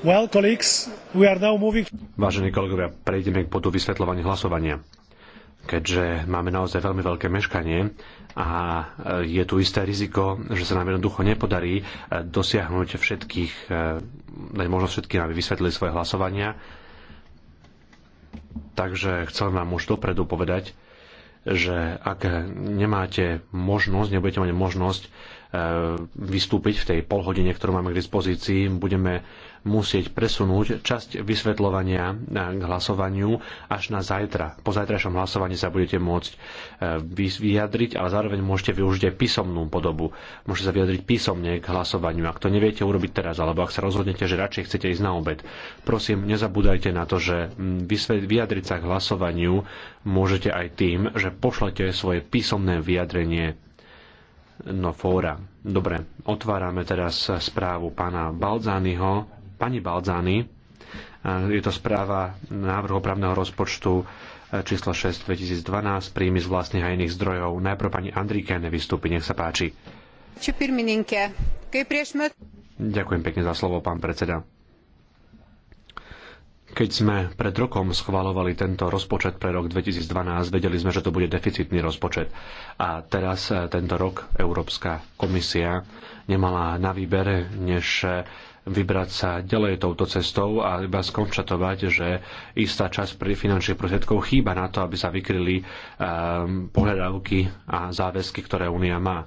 Well, moving... Vážení kolegovia, prejdeme k bodu vysvetľovania hlasovania. Keďže máme naozaj veľmi veľké meškanie a e, je tu isté riziko, že sa nám jednoducho nepodarí e, dosiahnuť všetkých, e, dať možnosť všetkým, aby vysvetlili svoje hlasovania. Takže chcem vám už dopredu povedať, že ak nemáte možnosť, nebudete mať možnosť E, vystúpiť v tej polhodine, ktorú máme k dispozícii. Budeme musieť presunúť časť vysvetľovania e, k hlasovaniu až na zajtra. Po zajtrajšom hlasovaní sa budete môcť e, vyjadriť, ale zároveň môžete využiť aj písomnú podobu. Môžete sa vyjadriť písomne k hlasovaniu. Ak to neviete urobiť teraz, alebo ak sa rozhodnete, že radšej chcete ísť na obed, prosím, nezabúdajte na to, že vyjadriť sa k hlasovaniu môžete aj tým, že pošlete svoje písomné vyjadrenie no fóra. Dobre, otvárame teraz správu pána Balzányho. Pani Balzány, je to správa návrhu právneho rozpočtu e, číslo 6 2012, príjmy z vlastných a iných zdrojov. Najprv pani Andríke nevystúpi, nech sa páči. Ďakujem pekne za slovo, pán predseda. Keď sme pred rokom schvalovali tento rozpočet pre rok 2012, vedeli sme, že to bude deficitný rozpočet. A teraz eh, tento rok Európska komisia nemala na výber, než eh, vybrať sa ďalej touto cestou a iba skonštatovať, že istá časť pri finančných prostriedkov chýba na to, aby sa vykryli um, eh, pohľadávky a záväzky, ktoré Únia má.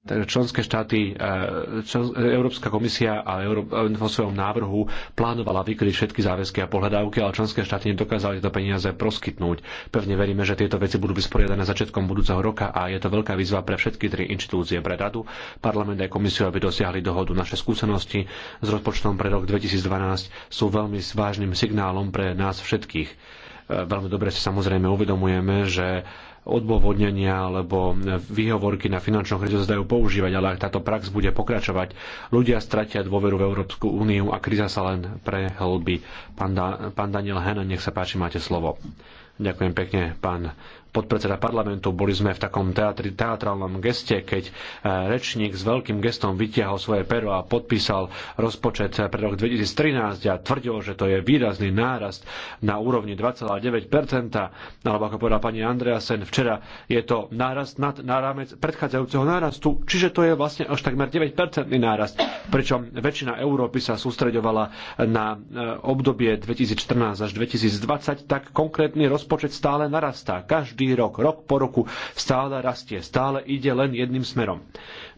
Takže teda členské štáty, e, e, Európska komisia a e, vo svojom návrhu plánovala vykryť všetky záväzky a pohľadávky, ale členské štáty nedokázali tieto peniaze proskytnúť. Pevne veríme, že tieto veci budú vysporiadané začiatkom budúceho roka a je to veľká výzva pre všetky tri inštitúcie, pre Radu, Parlament a Komisiu, aby dosiahli dohodu. Naše skúsenosti s rozpočtom pre rok 2012 sú veľmi vážnym signálom pre nás všetkých. Veľmi dobre si samozrejme uvedomujeme, že odôvodnenia alebo výhovorky na finančnom krizu sa dajú používať, ale ak táto prax bude pokračovať, ľudia stratia dôveru v Európsku úniu a kríza sa len prehlbí. Pán, da, pán Daniel Hena, nech sa páči, máte slovo. Ďakujem pekne, pán podpredseda parlamentu, boli sme v takom teatri, teatrálnom geste, keď e, rečník s veľkým gestom vytiahol svoje pero a podpísal rozpočet pre rok 2013 a tvrdil, že to je výrazný nárast na úrovni 2,9%, alebo ako povedala pani Andreasen, včera je to nárast nad na rámec predchádzajúceho nárastu, čiže to je vlastne až takmer 9% nárast, pričom väčšina Európy sa sústreďovala na e, obdobie 2014 až 2020, tak konkrétny rozpočet stále narastá. Každý každý rok, rok po roku stále rastie, stále ide len jedným smerom.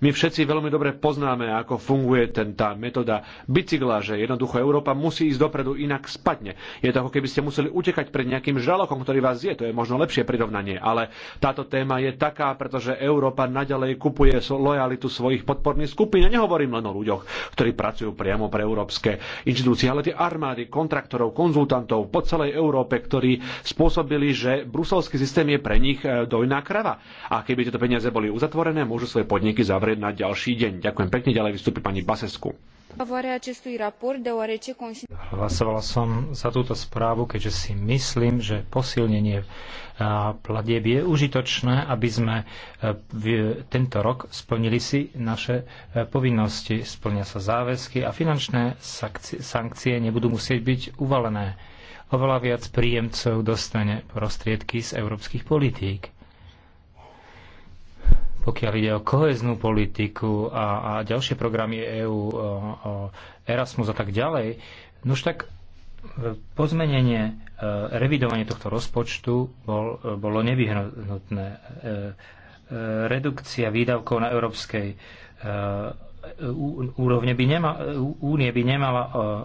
My všetci veľmi dobre poznáme, ako funguje ten, tá metóda bicykla, že jednoducho Európa musí ísť dopredu, inak spadne. Je to ako keby ste museli utekať pred nejakým žralokom, ktorý vás je. To je možno lepšie prirovnanie, ale táto téma je taká, pretože Európa naďalej kupuje lojalitu svojich podporných skupín. A nehovorím len o ľuďoch, ktorí pracujú priamo pre európske inštitúcie, ale tie armády, kontraktorov, konzultantov po celej Európe, ktorí spôsobili, že bruselský systém je pre nich e, dojná krava. A keby tieto peniaze boli uzatvorené, môžu svoje podniky zavrieť presunuté na ďalší deň. Ďakujem pekne, ďalej vystúpi pani Basesku. Hlasovala som za túto správu, keďže si myslím, že posilnenie e, platieb je užitočné, aby sme e, v tento rok splnili si naše e, povinnosti. Splnia sa záväzky a finančné sankcie nebudú musieť byť uvalené. Oveľa viac príjemcov dostane prostriedky z európskych politík pokiaľ ide o koheznú politiku a, a ďalšie programy EÚ, Erasmus a tak ďalej, no už tak e, pozmenenie, e, revidovanie tohto rozpočtu bol, e, bolo nevyhnutné. Redukcia výdavkov na európskej úrovne by nemala, únie by nemala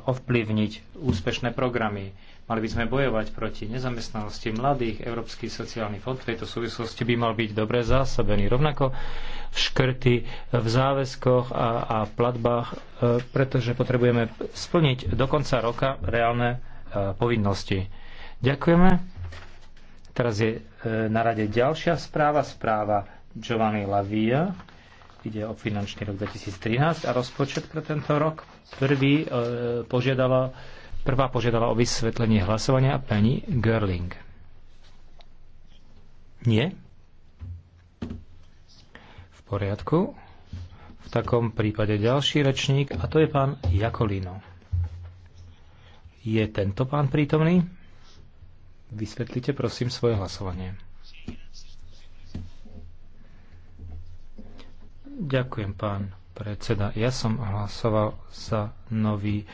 ovplyvniť úspešné programy. Mali by sme bojovať proti nezamestnanosti mladých. Európsky sociálny fond v tejto súvislosti by mal byť dobre zásobený. Rovnako škrty v záväzkoch a, a v platbách, e, pretože potrebujeme splniť do konca roka reálne e, povinnosti. Ďakujeme. Teraz je e, na rade ďalšia správa, správa Giovanni Lavia. Ide o finančný rok 2013 a rozpočet pre tento rok. Prvý požiadala Prvá požiadala o vysvetlenie hlasovania pani Görling. Nie? V poriadku. V takom prípade ďalší rečník, a to je pán Jakolino. Je tento pán prítomný? Vysvetlite prosím svoje hlasovanie. Ďakujem, pán predseda. Ja som hlasoval za nový e,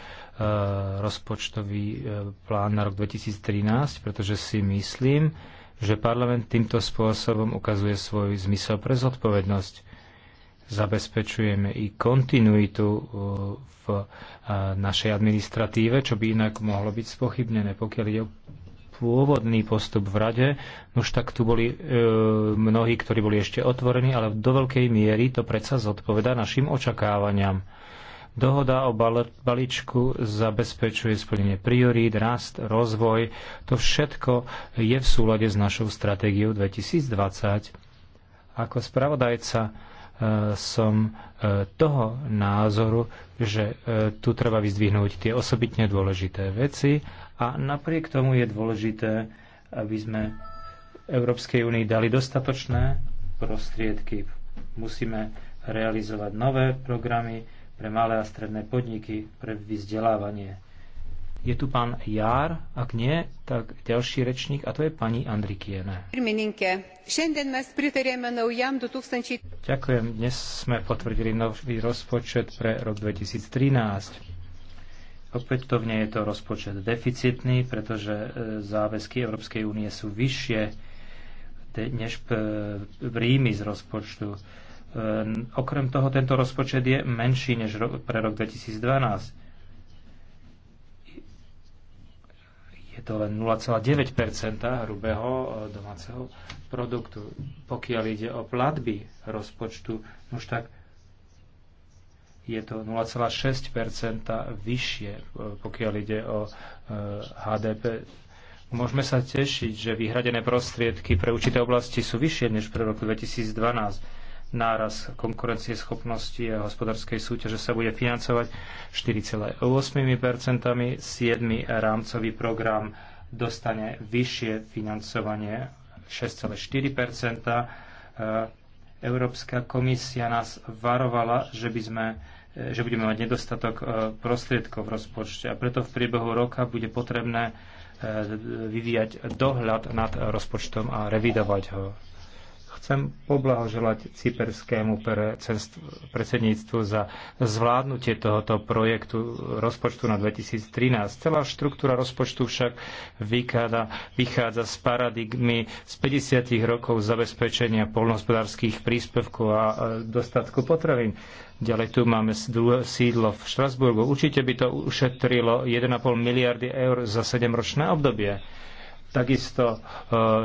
rozpočtový e, plán na rok 2013, pretože si myslím, že parlament týmto spôsobom ukazuje svoj zmysel pre zodpovednosť. Zabezpečujeme i kontinuitu e, v e, našej administratíve, čo by inak mohlo byť spochybnené, pokiaľ ide o pôvodný postup v rade, no už tak tu boli e, mnohí, ktorí boli ešte otvorení, ale do veľkej miery to predsa zodpoveda našim očakávaniam. Dohoda o balíčku zabezpečuje splnenie priorít, rast, rozvoj. To všetko je v súlade s našou stratégiou 2020. Ako spravodajca E, som e, toho názoru, že e, tu treba vyzdvihnúť tie osobitne dôležité veci a napriek tomu je dôležité, aby sme Európskej únii dali dostatočné prostriedky. Musíme realizovať nové programy pre malé a stredné podniky, pre vzdelávanie je tu pán Jár, ak nie, tak ďalší rečník, a to je pani Andrikiene. Ďakujem, dnes sme potvrdili nový rozpočet pre rok 2013. Opätovne je to rozpočet deficitný, pretože e, záväzky Európskej únie sú vyššie než e, príjmy z rozpočtu. E, okrem toho, tento rozpočet je menší než pre rok 2012 je to len 0,9 hrubého eh, domáceho produktu. Pokiaľ ide o platby rozpočtu, už tak je to 0,6 vyššie, eh, pokiaľ ide o HDP. Eh, Môžeme sa tešiť, že vyhradené prostriedky pre určité oblasti sú vyššie než pre roku 2012 náraz schopnosti a hospodárskej súťaže sa bude financovať 4,8 7. rámcový program dostane vyššie financovanie 6,4 e, Európska komisia nás varovala, že by sme e, že budeme mať nedostatok e, prostriedkov v rozpočte a preto v priebehu roka bude potrebné vyvíjať dohľad nad rozpočtom a revidovať ho. Chcem poblahoželať cyperskému predsedníctvu za zvládnutie tohoto projektu rozpočtu na 2013. Celá štruktúra rozpočtu však vykáda, vychádza z paradigmy z 50. rokov zabezpečenia polnohospodárských príspevkov a dostatku potravín. Ďalej tu máme sídlo v Štrasburgu. Určite by to ušetrilo 1,5 miliardy eur za 7-ročné obdobie takisto e,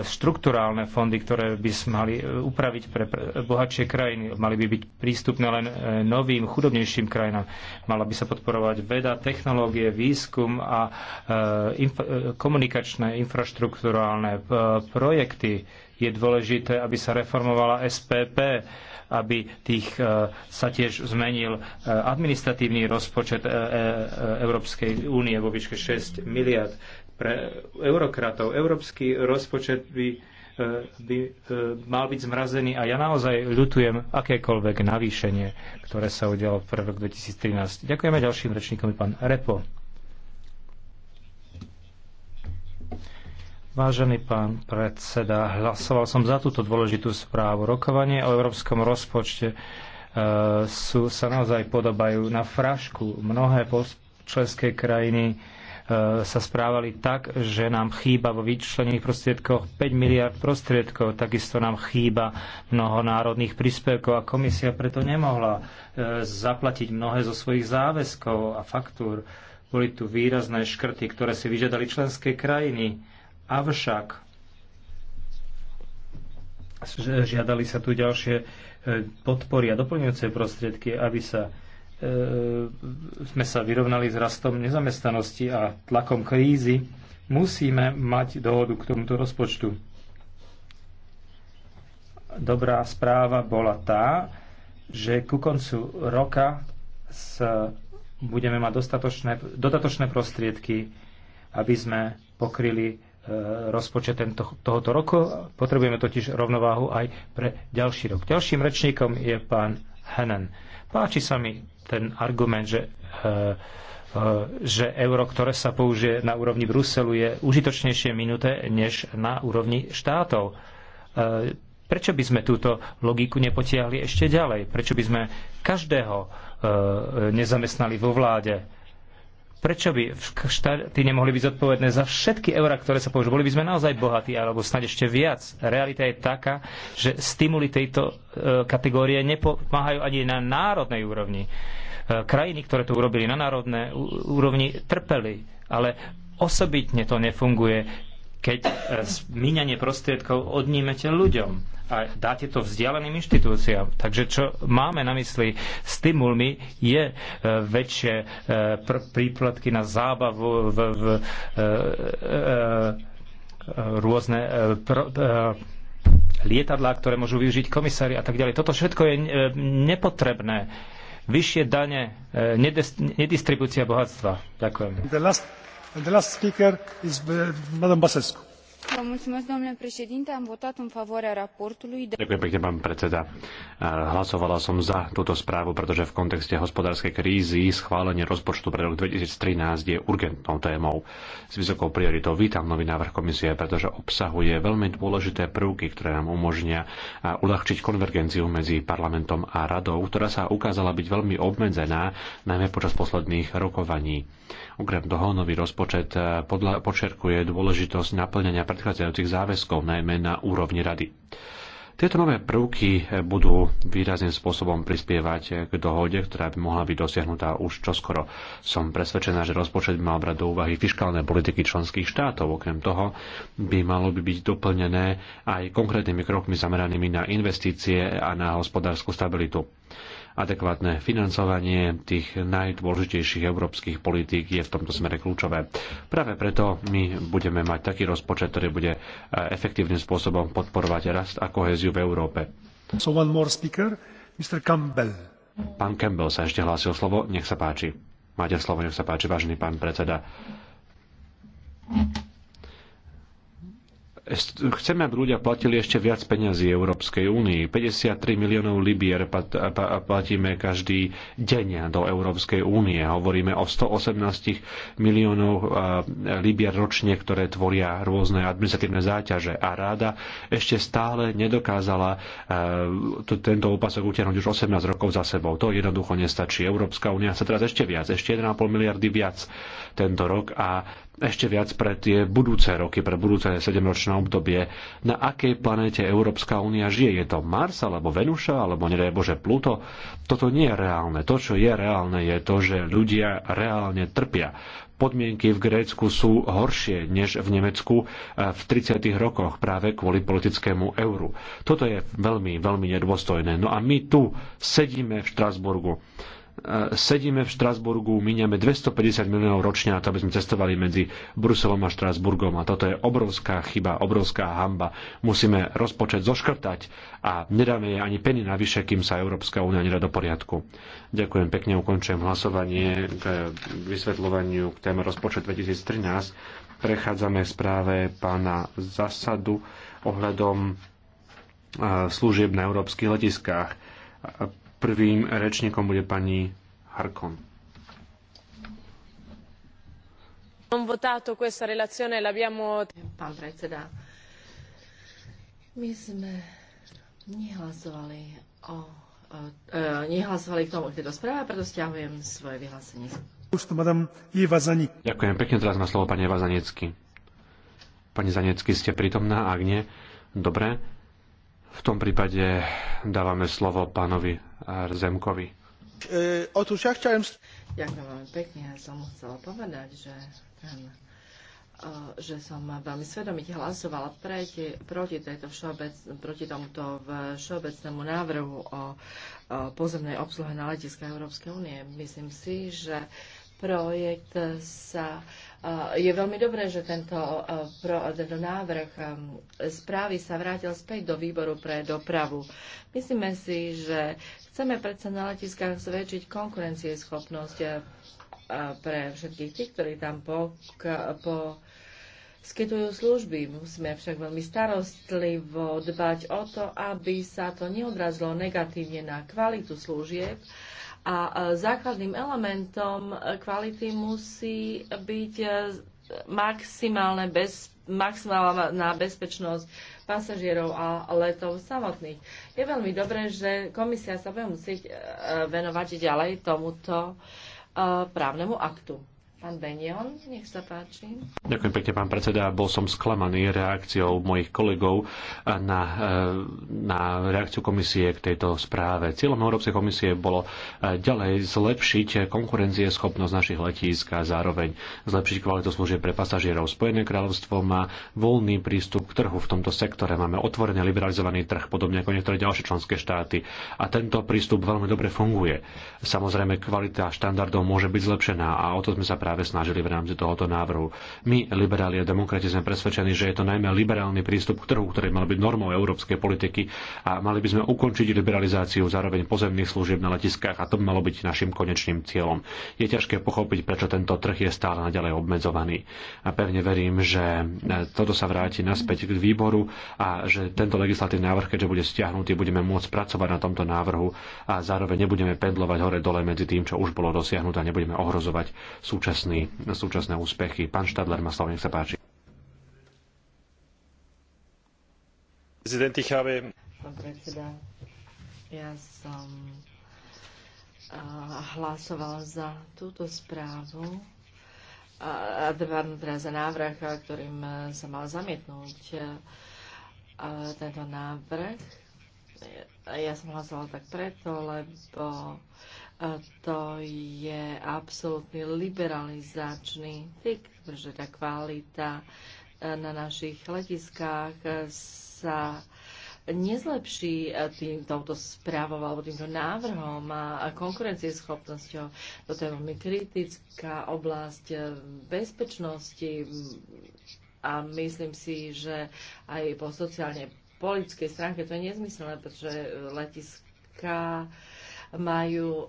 štrukturálne fondy, ktoré by sme mali e, upraviť pre bohatšie krajiny, mali by byť prístupné len e, novým, chudobnejším krajinám. Mala by sa podporovať veda, technológie, výskum a komunikačné, infraštruktúrálne projekty. Je dôležité, aby sa reformovala SPP, aby tých sa tiež zmenil administratívny rozpočet Európskej únie vo výške 6 miliard pre eurokratov. Európsky rozpočet by, e, by e, mal byť zmrazený a ja naozaj ľutujem akékoľvek navýšenie, ktoré sa udialo v roku 2013. Ďakujeme ďalším rečníkom, pán Repo. Vážený pán predseda, hlasoval som za túto dôležitú správu. Rokovanie o európskom rozpočte e, sú, sa naozaj podobajú na frašku. Mnohé členské krajiny sa správali tak, že nám chýba vo vyčlených prostriedkoch 5 miliard prostriedkov, takisto nám chýba mnoho národných príspevkov a komisia preto nemohla e, zaplatiť mnohé zo svojich záväzkov a faktúr. Boli tu výrazné škrty, ktoré si vyžiadali členské krajiny. Avšak žiadali sa tu ďalšie e, podpory a doplňujúce prostriedky, aby sa E, sme sa vyrovnali s rastom nezamestnanosti a tlakom krízy, musíme mať dohodu k tomuto rozpočtu. Dobrá správa bola tá, že ku koncu roka s, budeme mať dostatočné, dodatočné prostriedky, aby sme pokryli e, rozpočet tento, tohoto roku. Potrebujeme totiž rovnováhu aj pre ďalší rok. Ďalším rečníkom je pán Henen. Páči sa mi ten argument, že, e, e, že euro, ktoré sa použije na úrovni Bruselu, je užitočnejšie minuté než na úrovni štátov. E, prečo by sme túto logiku nepotiahli ešte ďalej? Prečo by sme každého nezamestnali vo vláde? Prečo by štáty nemohli byť zodpovedné za všetky eurá, ktoré sa použili? Boli by sme naozaj bohatí, alebo snad ešte viac. Realita je taká, že stimuly tejto e, kategórie nepomáhajú ani na národnej úrovni. E, krajiny, ktoré to urobili na národnej úrovni, trpeli, ale osobitne to nefunguje, keď e, míňanie prostriedkov odnímete ľuďom a dáte to vzdialeným inštitúciám. Takže čo máme na mysli stimulmi je e, väčšie e, príplatky na zábavu v, v, e, rôzne pro, lietadlá, ktoré môžu využiť komisári a tak ďalej. Toto všetko je nepotrebné. Vyššie dane, nedistribúcia bohatstva. Ďakujem. The last, the last speaker is Madame Basescu am votat în favoarea raportului. Ďakujem pekne, pán predseda. Hlasovala som za túto správu, pretože v kontexte hospodárskej krízy schválenie rozpočtu pre rok 2013 je urgentnou témou. S vysokou prioritou vítam nový návrh komisie, pretože obsahuje veľmi dôležité prvky, ktoré nám umožnia uľahčiť konvergenciu medzi parlamentom a radou, ktorá sa ukázala byť veľmi obmedzená, najmä počas posledných rokovaní. Okrem toho nový rozpočet eh, podľa, počerkuje dôležitosť naplnenia predchádzajúcich záväzkov, najmä na úrovni rady. Tieto nové prvky eh, budú výrazným spôsobom prispievať eh, k dohode, ktorá by mohla byť dosiahnutá už čoskoro. Som presvedčená, že rozpočet by mal brať do úvahy fiskálne politiky členských štátov. Okrem toho by malo by byť doplnené aj konkrétnymi krokmi zameranými na investície a na hospodárskú stabilitu adekvátne financovanie tých najdôležitejších európskych politík je v tomto smere kľúčové. Práve preto my budeme mať taký rozpočet, ktorý bude eh, efektívnym spôsobom podporovať rast a koheziu v Európe. So one more speaker, Mr. Campbell. Pán Campbell sa ešte hlásil slovo, nech sa páči. Máte slovo, nech sa páči, vážený pán predseda. Chceme, aby ľudia platili ešte viac peňazí Európskej únii. 53 miliónov libier platíme každý deň do Európskej únie. Hovoríme o 118 miliónov libier ročne, ktoré tvoria rôzne administratívne záťaže. A ráda ešte stále nedokázala tento opasok utiahnuť už 18 rokov za sebou. To jednoducho nestačí. Európska únia sa teraz ešte viac, ešte 1,5 miliardy viac tento rok a ešte viac pre tie budúce roky, pre budúce 7-ročné obdobie, na akej planéte Európska únia žije. Je to Mars, alebo Venuša, alebo nedaj Bože Pluto? Toto nie je reálne. To, čo je reálne, je to, že ľudia reálne trpia. Podmienky v Grécku sú horšie než v Nemecku eh, v 30. rokoch práve kvôli politickému euru. Toto je veľmi, veľmi nedôstojné. No a my tu sedíme v Štrasburgu E, sedíme v Štrasburgu, míňame 250 miliónov ročne na to, aby sme cestovali medzi Bruselom a Štrasburgom. A toto je obrovská chyba, obrovská hamba. Musíme rozpočet zoškrtať a nedáme jej ani peny navyše, kým sa Európska únia nedá do poriadku. Ďakujem pekne, ukončujem hlasovanie k vysvetľovaniu k téme rozpočet 2013. Prechádzame k správe pána Zasadu ohľadom e, služieb na európskych letiskách Prvým rečníkom bude pani Harkon. Pán predseda, my sme nehlasovali o, e, e, nehlasovali k tomu k tejto správe, preto stiahujem svoje vyhlásenie. Ďakujem pekne, teraz má slovo pani Eva Zanecky. Pani Zanecky, ste prítomná? Ak nie, dobre. V tom prípade dávame slovo pánovi Zemkovi. E, otóż ja chciałem... Ďakujem veľmi pekne. Ja som chcela povedať, že, ten, e, že som veľmi svedomite hlasovala proti, proti, tejto všeobec, proti tomuto všeobecnému návrhu o, o e, pozemnej obsluhe na letiska Európskej únie. Myslím si, že projekt sa je veľmi dobré, že tento, návrh správy sa vrátil späť do výboru pre dopravu. Myslíme si, že chceme predsa na letiskách zväčšiť konkurencieschopnosť pre všetkých tých, ktorí tam po, po skytujú služby. Musíme však veľmi starostlivo dbať o to, aby sa to neodrazilo negatívne na kvalitu služieb, a e, základným elementom e, kvality musí byť e, maximálne bez, maximálna bezpečnosť pasažierov a letov samotných. Je veľmi dobré, že komisia sa bude musieť venovať ďalej tomuto právnemu aktu. Pán Benion, nech sa páči. Ďakujem pekne, pán predseda. Bol som sklamaný reakciou mojich kolegov na, eh, na reakciu komisie k tejto správe. Cieľom Európskej komisie bolo eh, ďalej zlepšiť konkurencieschopnosť našich letísk a zároveň zlepšiť kvalitu služieb pre pasažierov. Spojené kráľovstvo má voľný prístup k trhu v tomto sektore. Máme otvorene liberalizovaný trh, podobne ako niektoré ďalšie členské štáty. A tento prístup veľmi dobre funguje. Samozrejme, kvalita štandardov môže byť zlepšená a o to sme sa práve snažili v rámci tohoto návrhu. My, liberáli a demokrati, sme presvedčení, že je to najmä liberálny prístup k trhu, ktorý mal byť normou európskej politiky a mali by sme ukončiť liberalizáciu zároveň pozemných služieb na letiskách a to by malo byť našim konečným cieľom. Je ťažké pochopiť, prečo tento trh je stále naďalej obmedzovaný. A pevne verím, že e, toto sa vráti naspäť k výboru a že tento legislatívny návrh, keďže bude stiahnutý, budeme môcť pracovať na tomto návrhu a zároveň nebudeme pendlovať hore-dole medzi tým, čo už bolo dosiahnuté a nebudeme ohrozovať súčasť súčasný, súčasné úspechy. Pán Štadler má slovo, nech sa páči. Pán predseda, ja som hlasoval za túto správu a teda za návrh, ktorým sa mal zamietnúť tento návrh. Ja som hlasovala tak preto, lebo to je absolútny liberalizačný tik, pretože tá kvalita eh, na našich letiskách sa nezlepší eh, tým, touto správou alebo týmto návrhom a konkurencieschopnosťou. Toto no je veľmi kritická oblasť eh, bezpečnosti a myslím si, že aj po sociálne politickej stránke to je nezmyselné, pretože letiska majú e,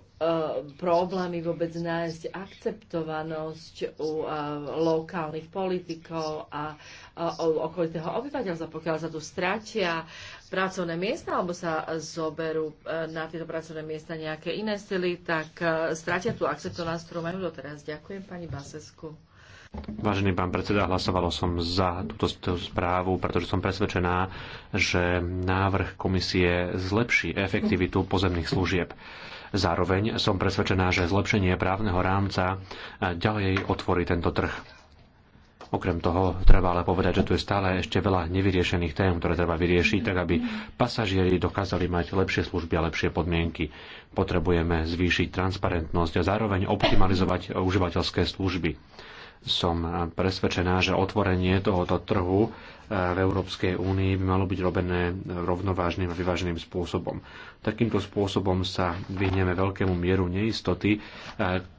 problémy vôbec nájsť akceptovanosť u e, lokálnych politikov a okolitého obyvateľstva, pokiaľ sa tu stratia pracovné miesta alebo sa zoberú e, na tieto pracovné miesta nejaké iné sily, tak stratia tú akceptovanosť, ktorú majú doteraz. Ďakujem pani Basesku. Vážený pán predseda, hlasovala som za túto, túto správu, pretože som presvedčená, že návrh komisie zlepší efektivitu pozemných služieb. Zároveň som presvedčená, že zlepšenie právneho rámca ďalej otvorí tento trh. Okrem toho treba ale povedať, že tu je stále ešte veľa nevyriešených tém, ktoré treba vyriešiť, tak aby pasažieri dokázali mať lepšie služby a lepšie podmienky. Potrebujeme zvýšiť transparentnosť a zároveň optimalizovať užívateľské služby som eh, presvedčená, že otvorenie tohoto trhu eh, v Európskej únii by malo byť robené rovnovážnym a vyváženým spôsobom. Takýmto spôsobom sa vyhneme veľkému mieru neistoty, eh,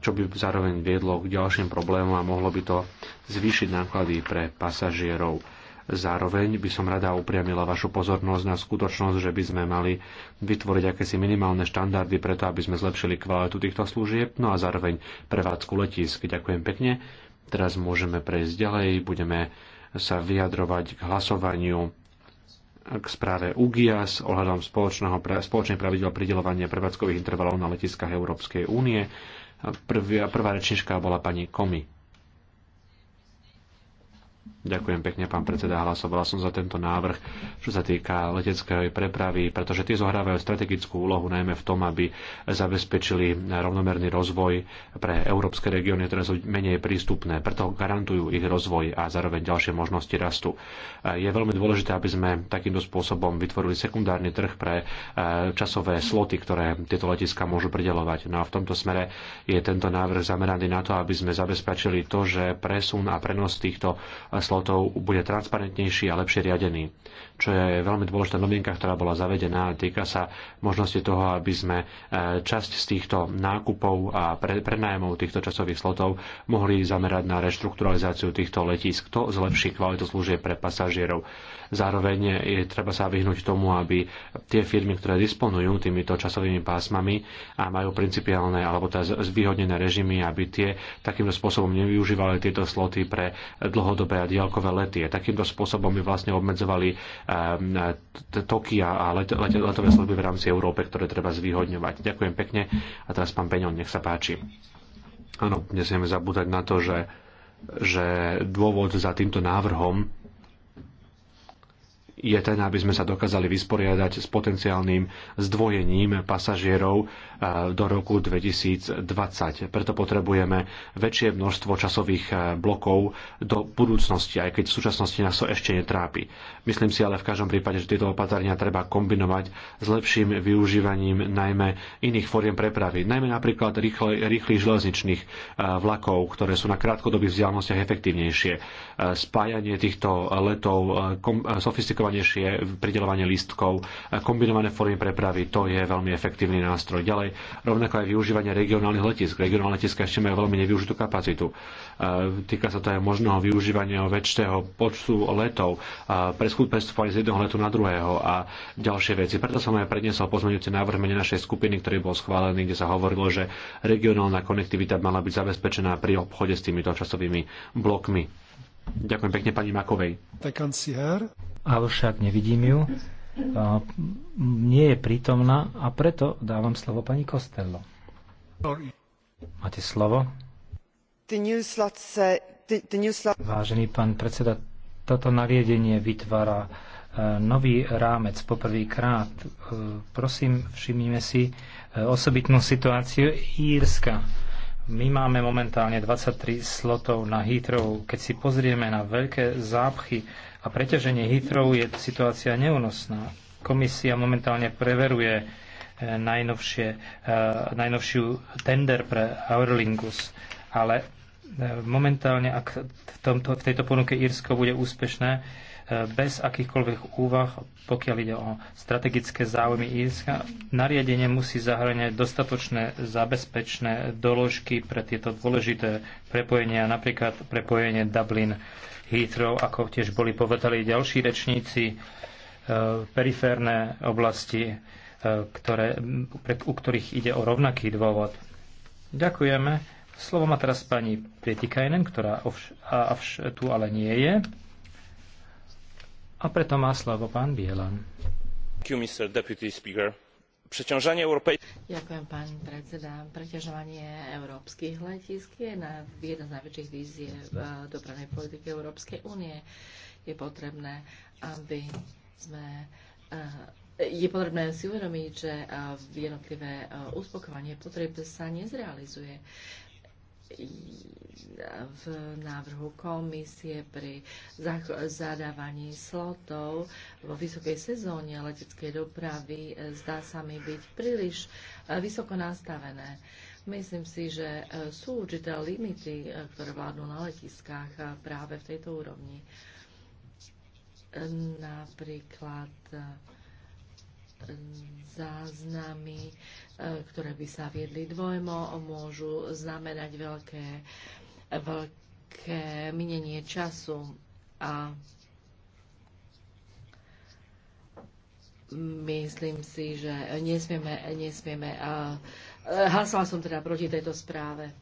čo by zároveň viedlo k ďalším problémom a mohlo by to zvýšiť náklady pre pasažierov. Zároveň by som rada upriamila vašu pozornosť na skutočnosť, že by sme mali vytvoriť akési minimálne štandardy preto, aby sme zlepšili kvalitu týchto služieb, no a zároveň prevádzku letísk. Ďakujem pekne. Teraz môžeme prejsť ďalej, budeme sa vyjadrovať k hlasovaniu k správe UGIAS ohľadom spoločného, spoločnej pravidel pridelovania prevádzkových intervalov na letiskách Európskej únie. Prvá, prvá rečnička bola pani Komi. Ďakujem pekne, pán predseda. Hlasovala som za tento návrh, čo sa týka leteckej prepravy, pretože tie zohrávajú strategickú úlohu najmä v tom, aby zabezpečili rovnomerný rozvoj pre európske regióny, ktoré sú menej prístupné. Preto garantujú ich rozvoj a zároveň ďalšie možnosti rastu. Je veľmi dôležité, aby sme takýmto spôsobom vytvorili sekundárny trh pre e, časové sloty, ktoré tieto letiska môžu pridelovať. No a v tomto smere je tento návrh zameraný na to, aby sme zabezpečili to, že presun a prenos týchto slotov bude transparentnejší a lepšie riadený, čo je veľmi dôležitá novinka, ktorá bola zavedená a týka sa možnosti toho, aby sme e, časť z týchto nákupov a pre, týchto časových slotov mohli zamerať na reštrukturalizáciu týchto letísk, to zlepší kvalitu služieb pre pasažierov. Zároveň je treba sa vyhnúť tomu, aby tie firmy, ktoré disponujú týmito časovými pásmami a majú principiálne alebo teda zvýhodnené režimy, aby tie takýmto spôsobom nevyužívali tieto sloty pre dlhodobé a diaľkové lety. A takýmto spôsobom by vlastne obmedzovali ehm, toky a letové služby v rámci Európe, ktoré treba zvýhodňovať. Ďakujem pekne. A teraz pán Peňon, nech sa páči. Áno, nesmieme zabúdať na to, že, že dôvod za týmto návrhom je ten, aby sme sa dokázali vysporiadať s potenciálnym zdvojením pasažierov eh, do roku 2020. Preto potrebujeme väčšie množstvo časových eh, blokov do budúcnosti, aj keď v súčasnosti nás to ešte netrápi. Myslím si ale v každom prípade, že tieto opatrenia treba kombinovať s lepším využívaním najmä iných foriem prepravy, najmä napríklad rýchle, rýchlych železničných eh, vlakov, ktoré sú na krátkodobých vzdialenostiach efektívnejšie. Spájanie týchto letov, sofistikovanie najvhodnejšie pridelovanie lístkov, kombinované formy prepravy, to je veľmi efektívny nástroj. Ďalej, rovnako aj využívanie regionálnych letisk. Regionálne letiska ešte majú veľmi nevyužitú kapacitu. E, týka sa to aj možného využívania väčšieho počtu letov, preskúpectvo z jedného letu na druhého a ďalšie veci. Preto som aj predniesol pozmeňujúci návrh mene našej skupiny, ktorý bol schválený, kde sa hovorilo, že regionálna konektivita mala byť zabezpečená pri obchode s týmito časovými blokmi. Ďakujem pekne pani Makovej. Avšak nevidím ju. Nie je prítomná a preto dávam slovo pani Kostello. Máte slovo? Vážený pán predseda, toto nariadenie vytvára e, nový rámec poprvýkrát. E, prosím, všimnime si e, osobitnú situáciu Írska my máme momentálne 23 slotov na Heathrow. Keď si pozrieme na veľké zápchy a preťaženie Heathrow, je situácia neúnosná. Komisia momentálne preveruje eh, najnovšie, eh, najnovšiu tender pre Aurlingus, ale eh, momentálne, ak v, tomto, v tejto ponuke Írsko bude úspešné, bez akýchkoľvek úvah, pokiaľ ide o strategické záujmy Írska. Nariadenie musí zahrňať dostatočné zabezpečné doložky pre tieto dôležité prepojenia, napríklad prepojenie Dublin Heathrow, ako tiež boli povedali ďalší rečníci, e, periférne oblasti, e, ktoré, pre, u ktorých ide o rovnaký dôvod. Ďakujeme. Slovo má teraz pani Pietikajnen, ktorá ovš, avš, tu ale nie je. A preto má slovo pán Bielan. Ďakujem, pán predseda. Preťažovanie európskych letisk je na jedna z najväčších víziev eh, dopravnej politiky Európskej únie. Je potrebné, aby sme eh, je potrebné si uvedomiť, že eh, jednotlivé uspokovanie potreb sa nezrealizuje v návrhu komisie pri zadávaní slotov vo vysokej sezóne leteckej dopravy e, zdá sa mi byť príliš e, vysoko nastavené. Myslím si, že e, sú určité limity, ktoré vládnu na letiskách práve v tejto úrovni. Napríklad záznamy E, ktoré by sa viedli dvojmo, môžu znamenať veľké, veľké minenie času a myslím si, že nesmieme, nesmieme e, hlasoval som teda proti tejto správe.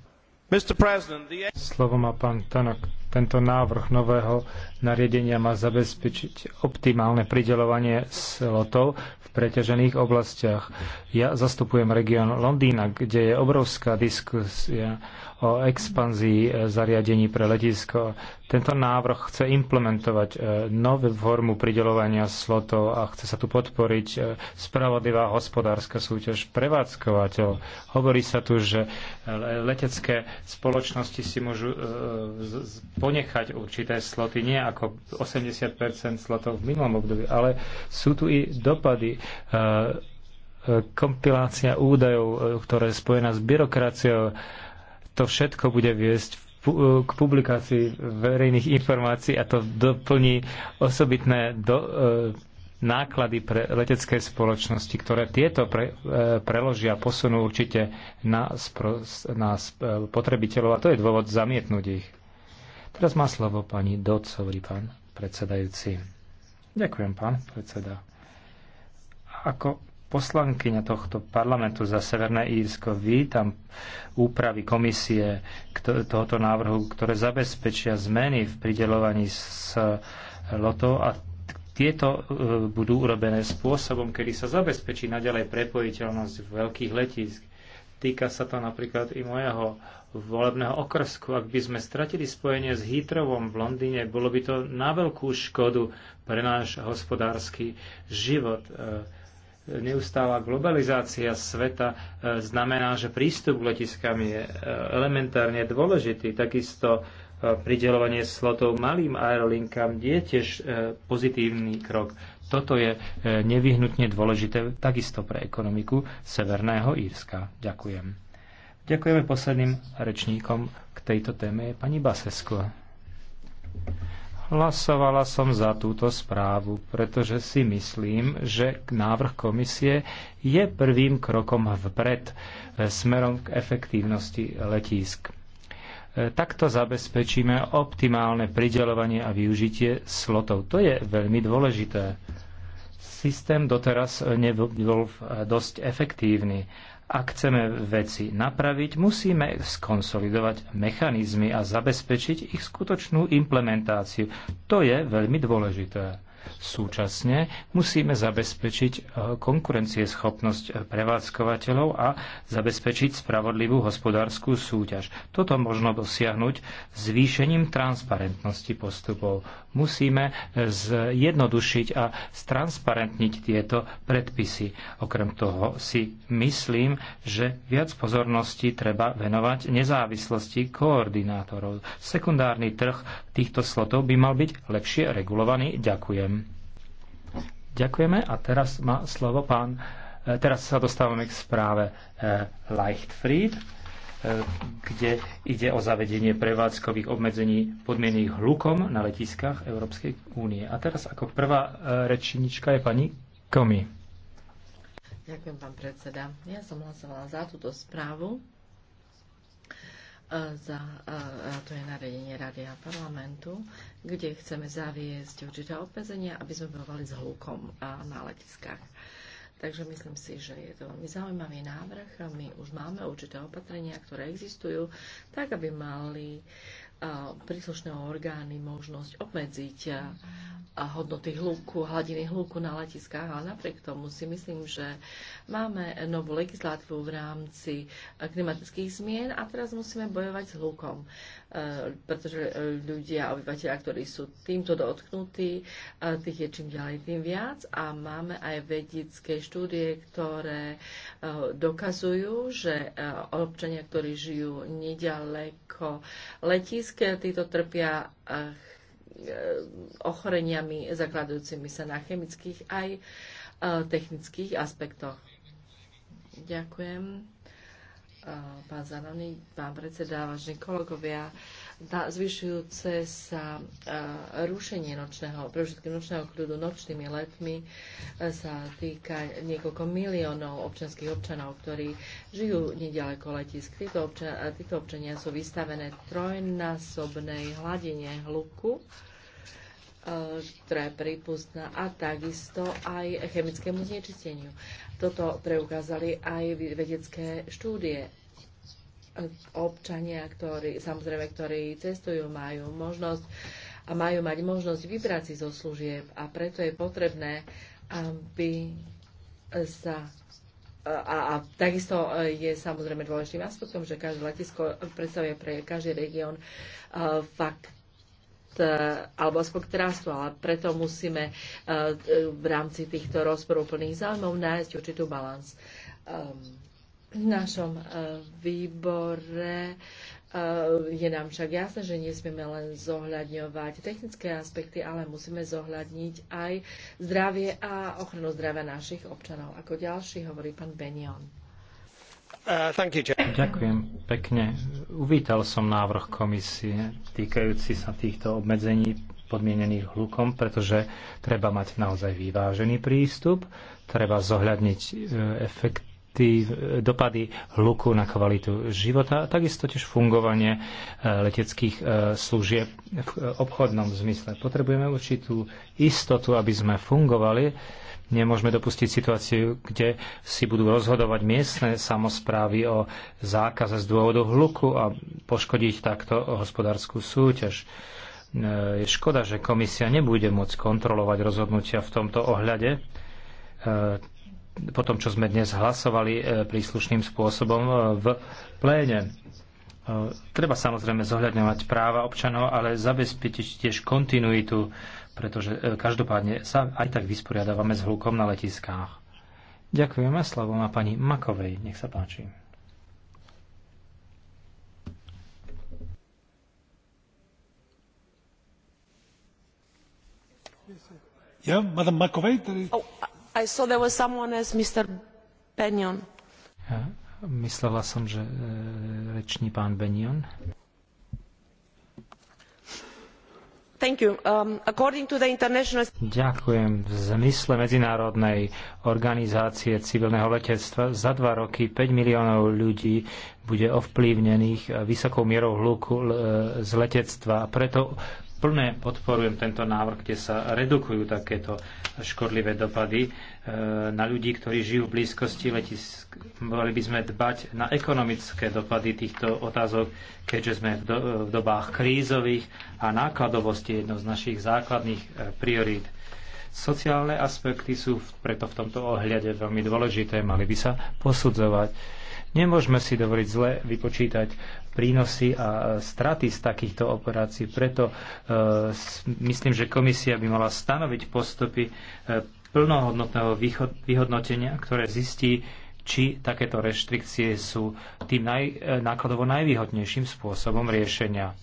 The... Slovo má pán Tanak. Tento návrh nového nariadenia má zabezpečiť optimálne prideľovanie slotov v preťažených oblastiach. Ja zastupujem región Londýna, kde je obrovská diskusia o expanzii e, zariadení pre letisko. Tento návrh chce implementovať e, novú formu prideľovania slotov a chce sa tu podporiť e, spravodlivá hospodárska súťaž prevádzkovateľ. Hovorí sa tu, že letecké spoločnosti si môžu ponechať určité sloty, nie ako 80 slotov v minulom období, ale sú tu i dopady. E, e, kompilácia údajov, e, ktoré je spojená s byrokraciou, to všetko bude viesť k publikácii verejných informácií a to doplní osobitné do, e, náklady pre letecké spoločnosti, ktoré tieto pre, e, preložia, posunú určite na, spro, na spotrebiteľov a to je dôvod zamietnúť ich. Teraz má slovo pani Doc, hovorí pán predsedajúci. Ďakujem, pán predseda. Ako poslankyňa tohto parlamentu za Severné Írsko vítam úpravy komisie tohoto návrhu, ktoré zabezpečia zmeny v pridelovaní s lotov a tieto e, budú urobené spôsobom, kedy sa zabezpečí naďalej prepojiteľnosť veľkých letísk Týka sa to napríklad i mojeho volebného okrsku. Ak by sme stratili spojenie s Hitrovom v Londýne, bolo by to na veľkú škodu pre náš hospodársky život. E, neustála globalizácia sveta e, znamená, že prístup k letiskám je e, elementárne dôležitý. Takisto pridelovanie slotov malým aerolinkám je tiež pozitívny krok. Toto je e, nevyhnutne dôležité takisto pre ekonomiku Severného Írska. Ďakujem. Ďakujeme posledným rečníkom k tejto téme je pani Basesko. Hlasovala som za túto správu, pretože si myslím, že návrh komisie je prvým krokom vpred e, smerom k efektívnosti letísk. E, takto zabezpečíme optimálne prideľovanie a využitie slotov. To je veľmi dôležité systém doteraz nebol dosť efektívny. Ak chceme veci napraviť, musíme skonsolidovať mechanizmy a zabezpečiť ich skutočnú implementáciu. To je veľmi dôležité. Súčasne musíme zabezpečiť e, konkurencieschopnosť e, prevádzkovateľov a zabezpečiť spravodlivú hospodárskú súťaž. Toto možno dosiahnuť zvýšením transparentnosti postupov. Musíme e, zjednodušiť a stransparentniť tieto predpisy. Okrem toho si myslím, že viac pozornosti treba venovať nezávislosti koordinátorov. Sekundárny trh týchto slotov by mal byť lepšie regulovaný. Ďakujem. Ďakujeme a teraz má slovo pán. E, teraz sa dostávame k správe e, Leichtfried, e, kde ide o zavedenie prevádzkových obmedzení podmiených hlukom na letiskách Európskej únie. A teraz ako prvá rečníčka je pani Komi. Ďakujem, pán predseda. Ja som hlasovala za túto správu, za, to je nariadenie Rady a parlamentu, kde chceme zaviesť určité obmedzenia, aby sme bojovali s hlukom na letiskách. Takže myslím si, že je to veľmi zaujímavý návrh. My už máme určité opatrenia, ktoré existujú, tak aby mali príslušné orgány možnosť obmedziť hodnoty hluku, hladiny hluku na letiskách, ale napriek tomu si myslím, že máme novú legislatívu v rámci klimatických zmien a teraz musíme bojovať s hlukom, e, pretože e, ľudia, obyvateľia, ktorí sú týmto dotknutí, e, tých je čím ďalej tým viac a máme aj vedecké štúdie, ktoré dokazujú, že občania, ktorí žijú nedaleko letisk, blízke, títo trpia eh, eh, ochoreniami zakladajúcimi sa na chemických aj eh, technických aspektoch. Ďakujem. Pán Zanoni, pán predseda, vážení kolegovia, na zvyšujúce sa e, rušenie nočného, pre nočného kľudu nočnými letmi e, sa týka niekoľko miliónov občanských občanov, ktorí žijú nedaleko letisk. Títo, občania, títo občania sú vystavené trojnásobnej hladine hluku e, ktorá je prípustná a takisto aj chemickému znečisteniu. Toto preukázali aj vedecké štúdie občania, ktorí, samozrejme, ktorí cestujú, majú možnosť a majú mať možnosť vybrať si zo služieb a preto je potrebné, aby sa a, a takisto je samozrejme dôležitým aspektom, že každé letisko predstavuje pre každý región fakt e, alebo aspoň trastu, ale preto musíme e, e, v rámci týchto rozporúplných záujmov nájsť určitú balans. Ehm, v našom e, výbore e, je nám však jasné, že nesmieme len zohľadňovať technické aspekty, ale musíme zohľadniť aj zdravie a ochranu zdravia našich občanov. Ako ďalší hovorí pán Benion. Uh, you, Ďakujem pekne. Uvítal som návrh komisie týkajúci sa týchto obmedzení podmienených hľukom, pretože treba mať naozaj vyvážený prístup, treba zohľadniť e, efekt tí eh, dopady hluku na kvalitu života a takisto tiež fungovanie eh, leteckých eh, služieb v obchodnom zmysle. Potrebujeme určitú istotu, aby sme fungovali. Nemôžeme dopustiť situáciu, kde si budú rozhodovať miestne samozprávy o zákaze z dôvodu hluku a poškodiť takto hospodárskú súťaž. Je škoda, že komisia nebude môcť kontrolovať rozhodnutia v tomto ohľade po tom, čo sme dnes hlasovali e, príslušným spôsobom e, v pléne. E, treba samozrejme zohľadňovať práva občanov, ale zabezpečiť tiež kontinuitu, pretože každopádne sa aj tak vysporiadávame s hlukom na letiskách. Ďakujeme, slovo má pani Makovej. Nech sa páči. Ja, madame Makovej? Tady... Oh, myslela som, že e, reční pán Benyon. Um, international... Ďakujem. V zmysle Medzinárodnej organizácie civilného letectva za dva roky 5 miliónov ľudí bude ovplyvnených vysokou mierou hluku e, z letectva. Preto plne podporujem tento návrh, kde sa redukujú takéto škodlivé dopady e, na ľudí, ktorí žijú v blízkosti letisk. Mali by sme dbať na ekonomické dopady týchto otázok, keďže sme v, do, v dobách krízových a nákladovosti je jedno z našich základných e, priorít. Sociálne aspekty sú preto v tomto ohľade veľmi dôležité, mali by sa posudzovať Nemôžeme si dovoliť zle vypočítať prínosy a e, straty z takýchto operácií. Preto e, myslím, že komisia by mala stanoviť postupy e, plnohodnotného vyhodnotenia, ktoré zistí, či takéto reštrikcie sú tým naj, e, nákladovo najvýhodnejším spôsobom riešenia.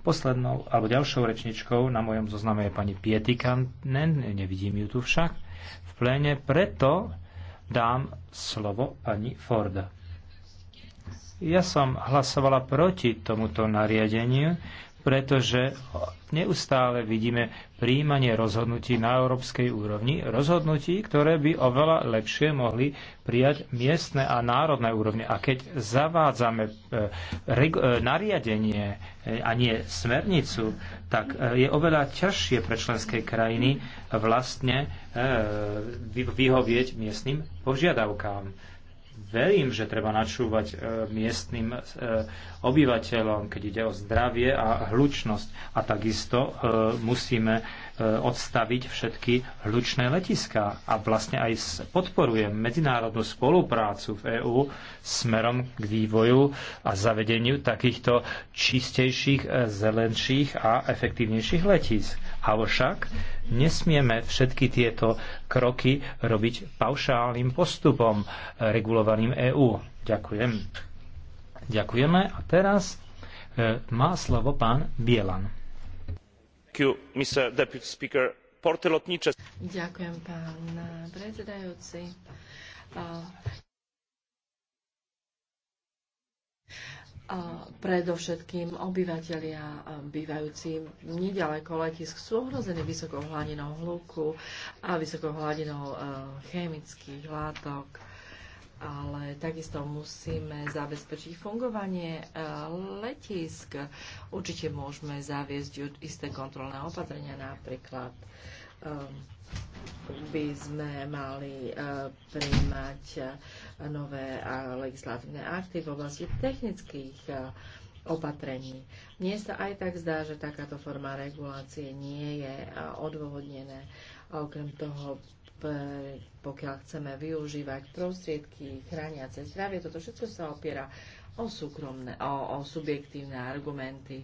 Poslednou alebo ďalšou rečničkou na mojom zozname je pani Pietikanen, nevidím ju tu však, v pléne, preto dám slovo pani Forda. Ja som hlasovala proti tomuto nariadeniu, pretože neustále vidíme príjmanie rozhodnutí na európskej úrovni, rozhodnutí, ktoré by oveľa lepšie mohli prijať miestne a národné úrovne. A keď zavádzame e, e, nariadenie e, a nie smernicu, tak je oveľa ťažšie pre členské krajiny vlastne vyhovieť miestnym požiadavkám verím, že treba načúvať e, miestnym e, obyvateľom, keď ide o zdravie a hlučnosť. A takisto e, musíme E, odstaviť všetky hlučné letiská. A vlastne aj podporujem medzinárodnú spoluprácu v EÚ smerom k vývoju a zavedeniu takýchto čistejších, e, zelenších a efektívnejších letísk. Avšak nesmieme všetky tieto kroky robiť paušálnym postupom e, regulovaným EÚ. Ďakujem. Ďakujeme a teraz má slovo pán Bielan porty lotnicze Ďakujem, pán predsedajúci. predovšetkým obyvatelia bývajúci nedaleko letisk sú ohrození vysokou hladinou hluku a vysokou hladinou e, chemických látok ale takisto musíme zabezpečiť fungovanie e, letisk. Určite môžeme zaviesť isté kontrolné opatrenia, napríklad ehm, by sme mali e, príjmať e, nové legislatívne akty v oblasti technických opatrení. Mne sa aj tak zdá, že takáto forma regulácie nie je odôvodnené. A okrem toho pokiaľ chceme využívať prostriedky chrániace zdravie. Toto všetko sa opiera o, súkromné, o, o subjektívne argumenty.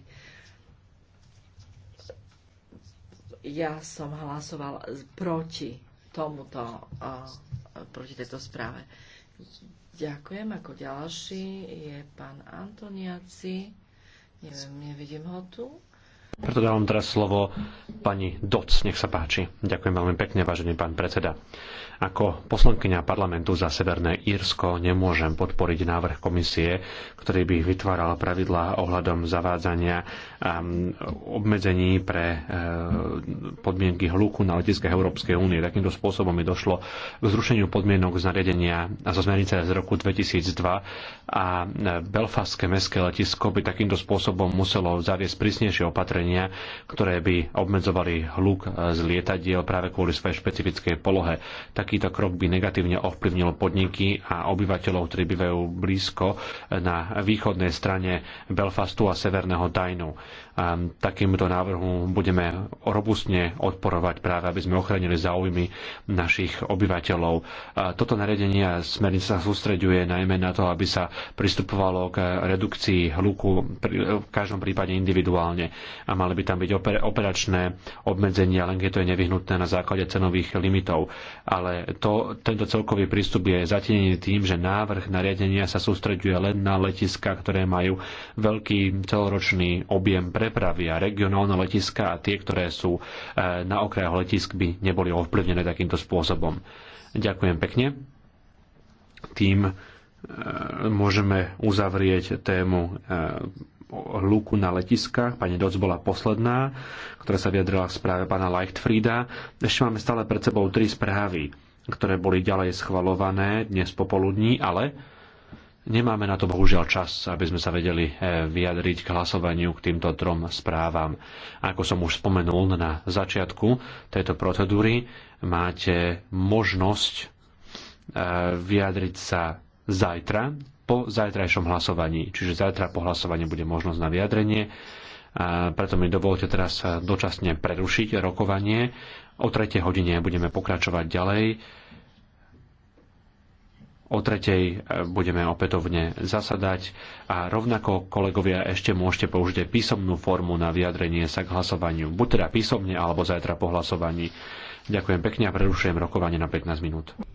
Ja som hlasoval proti tomuto, proti tejto správe. Ďakujem. Ako ďalší je pán Antoniaci. Neviem, nevidím ho tu. Preto dávam teraz slovo pani Doc, nech sa páči. Ďakujem veľmi pekne, vážený pán predseda. Ako poslankyňa parlamentu za Severné Írsko nemôžem podporiť návrh komisie, ktorý by vytváral pravidlá ohľadom zavádzania um, obmedzení pre uh, podmienky hluku na letiskách Európskej únie. Takýmto spôsobom mi došlo k zrušeniu podmienok z nariadenia a zo smernice z roku 2002 a uh, Belfastské mestské letisko by takýmto spôsobom muselo zaviesť prísnejšie opatrenie opatrenia, ktoré by obmedzovali hluk e, z lietadiel práve kvôli svojej špecifickej polohe. Takýto krok by negatívne ovplyvnil podniky a obyvateľov, ktorí bývajú blízko e, na východnej strane Belfastu a severného Dajnu. E, takýmto návrhu budeme robustne odporovať práve, aby sme ochránili záujmy našich obyvateľov. Toto nariadenie a smernica sa sústreďuje najmä na to, aby sa pristupovalo k redukcii hluku v každom prípade individuálne a mali by tam byť operačné obmedzenia, len keď to je nevyhnutné na základe cenových limitov. Ale to, tento celkový prístup je zatienený tým, že návrh nariadenia sa sústreďuje len na letiska, ktoré majú veľký celoročný objem prepravy a regionálne letiska a tie, ktoré sú e, na okrajoch letisk, by neboli ovplyvnené takýmto spôsobom. Ďakujem pekne. Tým e, môžeme uzavrieť tému e, luku na letiskách. Pani Doc bola posledná, ktorá sa vyjadrila v správe pána Leichtfrieda. Ešte máme stále pred sebou tri správy, ktoré boli ďalej schvalované dnes popoludní, ale nemáme na to bohužiaľ čas, aby sme sa vedeli eh, vyjadriť k hlasovaniu k týmto trom správam. Ako som už spomenul na začiatku tejto procedúry, máte možnosť eh, vyjadriť sa zajtra po zajtrajšom hlasovaní. Čiže zajtra po hlasovaní bude možnosť na vyjadrenie. A preto mi dovolte teraz dočasne prerušiť rokovanie. O tretej hodine budeme pokračovať ďalej. O tretej e, budeme opätovne zasadať a rovnako, kolegovia, ešte môžete použiť písomnú formu na vyjadrenie sa k hlasovaniu. Buď teda písomne, alebo zajtra po hlasovaní. Ďakujem pekne a prerušujem rokovanie na 15 minút.